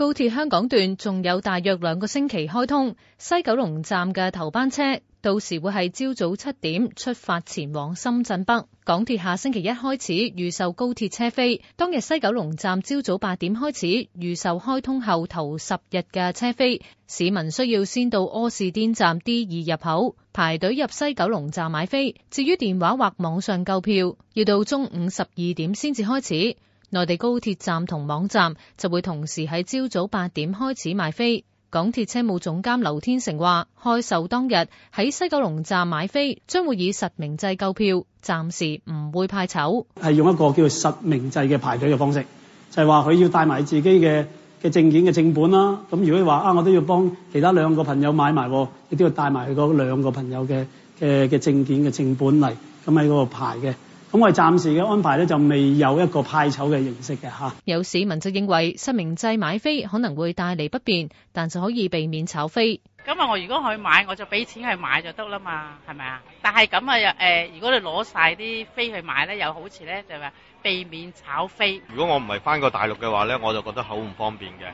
高鐵香港段仲有大約兩個星期開通，西九龍站嘅頭班車到時會係朝早七點出發前往深圳北。港鐵下星期一開始預售高鐵車飛，當日西九龍站朝早八點開始預售開通後頭十日嘅車飛。市民需要先到柯士甸站 D 二入口排隊入西九龍站買飛。至於電話或網上購票，要到中午十二點先至開始。內地高鐵站同網站就會同時喺朝早八點開始賣飛。港鐵車務總監劉天成話，開售當日喺西九龍站買飛，將會以實名制購票，暫時唔會派籌。係用一個叫實名制嘅排隊嘅方式，就係話佢要帶埋自己嘅嘅證件嘅正本啦、啊。咁如果話啊，我都要幫其他兩個朋友買埋，亦都要帶埋佢嗰兩個朋友嘅嘅嘅證件嘅正本嚟，咁喺嗰個排嘅。咁我暫時嘅安排咧就未有一個派籌嘅形式嘅嚇。有市民就認為實名制買飛可能會帶嚟不便，但就可以避免炒飛。咁啊，我如果去買，我就俾錢去買就得啦嘛，係咪啊？但係咁啊，又、呃、如果你攞晒啲飛去買咧，又好似咧就話避免炒飛。如果我唔係翻過大陸嘅話咧，我就覺得好唔方便嘅。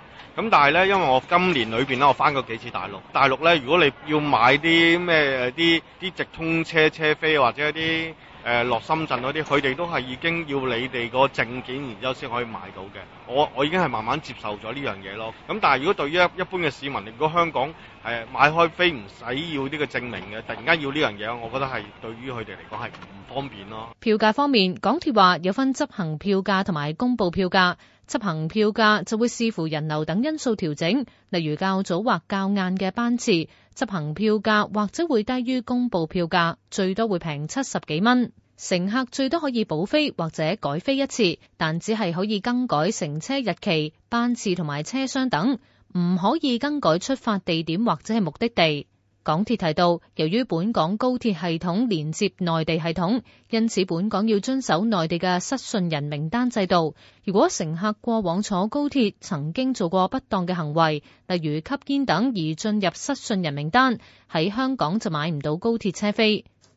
咁但係咧，因為我今年裏邊咧，我翻過幾次大陸。大陸咧，如果你要買啲咩啲啲直通車車飛或者一啲。誒落、呃、深圳嗰啲，佢哋都係已經要你哋個證件，然之後先可以買到嘅。我我已經係慢慢接受咗呢樣嘢咯。咁但係如果對於一般嘅市民，如果香港係買開飛唔使要呢個證明嘅，突然間要呢樣嘢，我覺得係對於佢哋嚟講，係唔方便咯。票價方面，港鐵話有分執行票價同埋公布票價。執行票價就會視乎人流等因素調整，例如較早或較晏嘅班次，執行票價或者會低於公佈票價，最多會平七十幾蚊。乘客最多可以補飛或者改飛一次，但只係可以更改乘車日期、班次同埋車廂等，唔可以更改出發地點或者係目的地。港鐵提到，由於本港高鐵系統連接內地系統，因此本港要遵守內地嘅失信人名單制度。如果乘客過往坐高鐵曾經做過不當嘅行為，例如吸煙等，而進入失信人名單，喺香港就買唔到高鐵車票。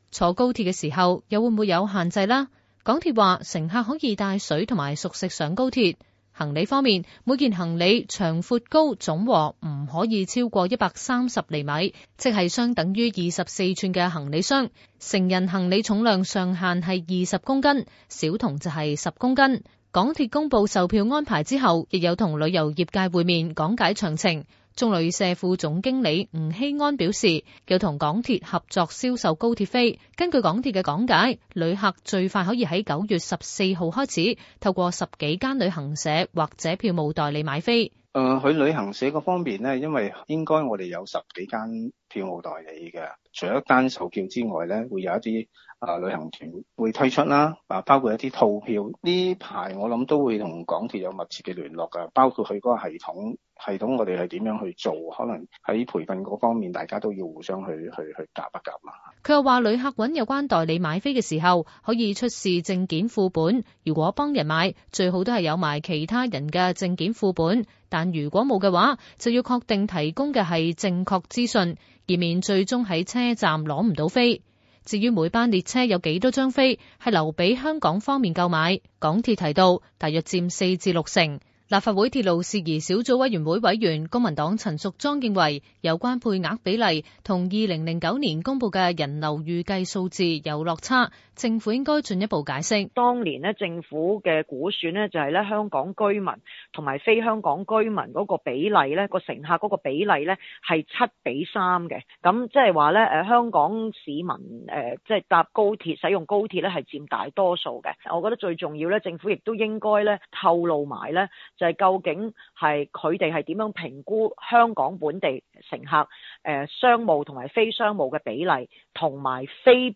坐高鐵嘅時候又會唔會有限制啦？港鐵話，乘客可以帶水同埋熟食上高鐵。行李方面，每件行李長、闊、高總和唔可以超過一百三十厘米，即係相等於二十四寸嘅行李箱。成人行李重量上限係二十公斤，小童就係十公斤。港鐵公布售票安排之後，亦有同旅遊業界會面講解詳情。中旅社副總經理吳希安表示，要同港鐵合作銷售高鐵飛。根據港鐵嘅講解，旅客最快可以喺九月十四號開始，透過十幾間旅行社或者票務代理買飛。誒，去、呃、旅行社嗰方面咧，因為應該我哋有十幾間票務代理嘅，除咗單售票之外咧，會有一啲誒、呃、旅行團會推出啦，啊包括一啲套票。呢排我諗都會同港鐵有密切嘅聯絡噶，包括佢嗰個系統。系統我哋係點樣去做？可能喺培訓嗰方面，大家都要互相去去去夾一夾嘛。佢又話：旅客揾有關代理買飛嘅時候，可以出示證件副本。如果幫人買，最好都係有埋其他人嘅證件副本。但如果冇嘅話，就要確定提供嘅係正確資訊，以免最終喺車站攞唔到飛。至於每班列車有幾多張飛，係留俾香港方面購買。港鐵提到，大約佔四至六成。立法會鐵路事宜小組委員會委員公民黨陳淑莊認為，有關配額比例同二零零九年公布嘅人流預計數字有落差，政府應該進一步解釋。當年咧，政府嘅估算呢，就係咧，香港居民同埋非香港居民嗰個比例咧，個乘客嗰個比例呢係七比三嘅。咁即係話呢，誒香港市民誒即係搭高鐵使用高鐵呢係佔大多數嘅。我覺得最重要呢，政府亦都應該呢透露埋呢。就係究竟係佢哋係點樣評估香港本地乘客誒商務同埋非商務嘅比例，同埋非。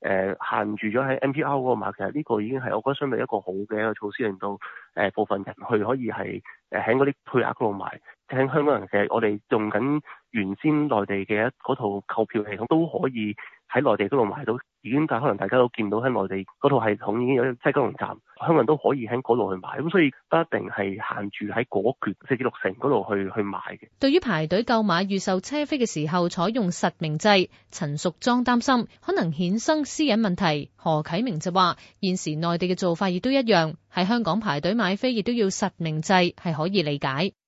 誒、呃、限住咗喺 n p r 嗰個買。其實呢個已經係我覺得相對一個好嘅一個措施，令到誒、呃、部分人去可以係誒喺嗰啲配額嗰度買，聽香港人其實我哋用緊原先內地嘅一套購票系統都可以喺內地嗰度買到。已經但係可能大家都見到喺內地嗰套、那個、系統已經有西九龍站，香港人都可以喺嗰度去買，咁所以不一定係限住喺果段四至六成嗰度去去買嘅。對於排隊購買預售車票嘅時候採用實名制，陳淑莊擔心可能衍生私隱問題。何啟明就話：現時內地嘅做法亦都一樣，喺香港排隊買票亦都要實名制，係可以理解。